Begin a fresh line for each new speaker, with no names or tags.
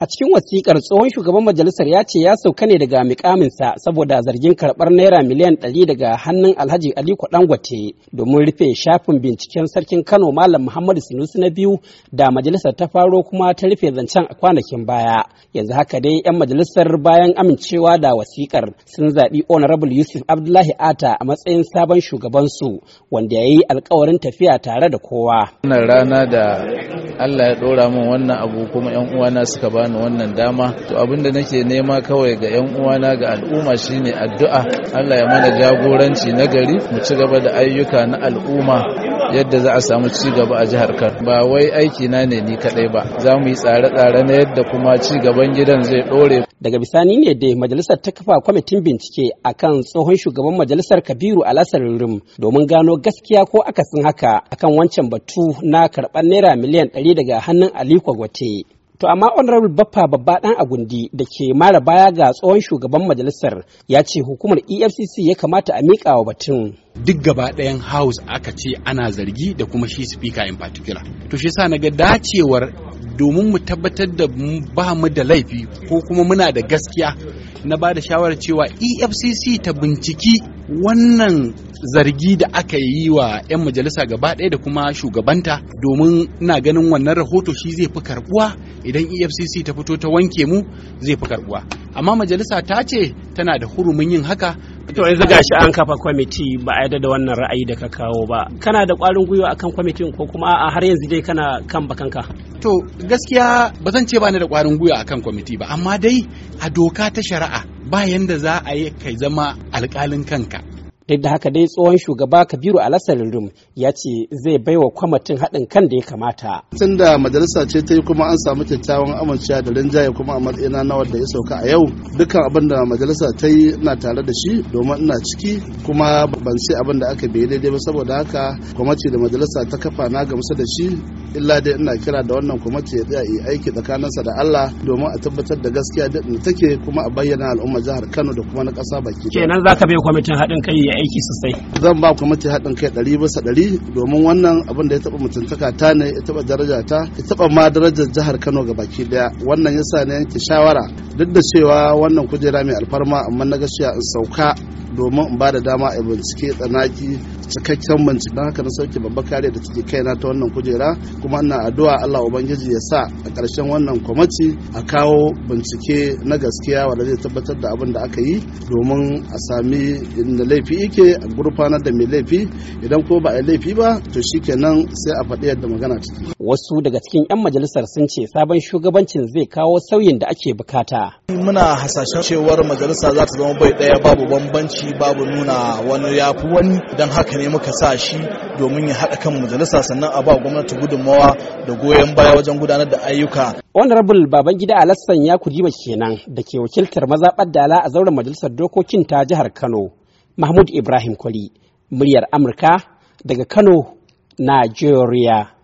A cikin wasikar tsohon shugaban majalisar ya ce ya sauka ne daga mikaminsa saboda zargin karɓar naira miliyan ɗari daga hannun Alhaji Aliko Dangote domin rufe shafin binciken sarkin Kano Malam Muhammadu Sunusi na biyu da majalisar ta faro kuma ta rufe zancen a kwanakin baya. Yanzu haka dai 'yan majalisar bayan amincewa da wasikar sun zaɓi Honorable Yusuf Abdullahi Ata a matsayin sabon shugabansu wanda ya yi alkawarin tafiya tare da kowa. Wannan Allah ya ɗora min wannan abu kuma 'yan uwana suka
bani wannan dama to abin da nake nema kawai ga 'yan uwana ga al'umma shine addu'a Allah ya mana jagoranci na gari mu ci gaba da ayyuka na al'umma yadda za a
samu ci gaba a jihar Kano ba wai aiki na ne ni kadai ba za mu yi tsare-tsare na yadda kuma ci gaban gidan zai dore daga bisani ne da majalisar ta kafa kwamitin bincike akan tsohon shugaban majalisar Kabiru Alasar rim domin gano gaskiya ko akasin haka akan wancan batu na karɓar naira miliyan 100 daga hannun Aliko Gwate To amma Honorable Baffa babba dan agundi da ke mara baya ga tsohon shugaban majalisar ya ce hukumar EFCC
ya kamata a mika wa batun. Duk gaba ɗayan House aka ce ana zargi da kuma shi speaker in particular. To shi sa na ga dacewar domin mu tabbatar da ba mu da laifi ko kuma muna da gaskiya na ba da shawarar cewa efcc ta binciki wannan zargi da aka yi wa 'yan majalisa gaba ɗaya da kuma shugabanta domin na ganin wannan rahoto shi zai fi karbuwa idan efcc ta fito ta wanke mu zai fi karbuwa amma majalisa ta ce tana da hurumin yin haka
to yanzu gashi an kafa kwamiti ba a yadda da wannan ra'ayi da ka kawo ba kana da kwarin gwiwa akan
kwamitin ko kuma a har yanzu dai kana kan bakanka to gaskiya ba zan ce ba ni da ƙwarin gwiwa akan kwamiti ba amma dai a doka ta shari'a ba yanda za a yi kai zama alkalin kanka duk da haka dai
tsohon shugaba kabiru alasar rum ya ce zai baiwa kwamitin haɗin kan da ya kamata
tun da majalisa ce ta yi kuma an samu kyakkyawan amincewa da rinjaye kuma a matsayina na wanda ya sauka a yau dukkan abin da majalisa ta yi na tare da shi domin ina ciki kuma ban ce abin da aka bai daidai ba saboda haka kwamati da majalisa ta kafa na gamsu da shi illa dai ina kira da wannan kwamati ya tsaya yi aiki tsakaninsa da Allah domin a tabbatar da gaskiya da take kuma a bayyana al'umma jihar Kano da kuma na ƙasa baki kenan
zaka bai kwamitin haɗin kai aiki sosai
zan ba kwamiti haɗin kai ɗari bisa ɗari domin wannan abin da ya taɓa mutuntaka ta ne ya taɓa daraja ta ya taɓa ma darajar jihar kano ga baki ɗaya wannan yasa ne yanke shawara duk da cewa wannan kujera mai alfarma amma na gaskiya in sauka domin in ba da dama a bincike tsanaki cikakken bincike don haka na sauke babba kariya da take kaina ta wannan kujera kuma ina addu'a Allah ubangiji ya sa a ƙarshen wannan kwamati a kawo bincike na gaskiya wanda zai tabbatar da abin da aka yi domin a sami inda laifi yake a gurfanar da mai laifi idan ko ba a laifi ba to shikenan
sai a faɗi yadda magana take wasu daga cikin 'yan majalisar sun ce sabon shugabancin zai kawo sauyin da ake bukata
Muna hasashen cewar majalisa za ta zama bai ɗaya babu bambanci babu nuna wani ya fi wani don haka ne muka sa shi domin ya haɗa kan majalisa sannan a ba gwamnati gudunmawa
da goyon baya wajen
gudanar da ayyuka.
Honorable Babangida Alassan ya kurima kenan da ke wakiltar mazaɓar dala a zauren majalisar dokokin ta jihar Kano. Mahmud Ibrahim Kwali, muryar Amurka daga Kano, Najeriya.